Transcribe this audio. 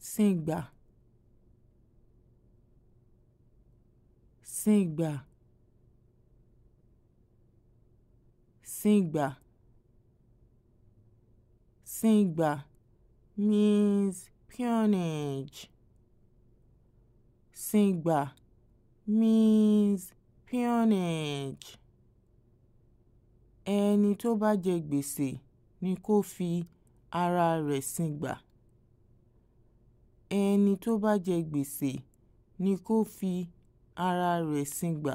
Sìngbà. Sìngbà. Sìngbà. Sìngbà means peonage. Sìngbà means peonage. Ẹni tó bá jẹ gbèsè ni kó fi ara rẹ̀ sìngbà. Ẹni tó bá jẹ gbèsè ni kó fi ara rẹ̀ singbá.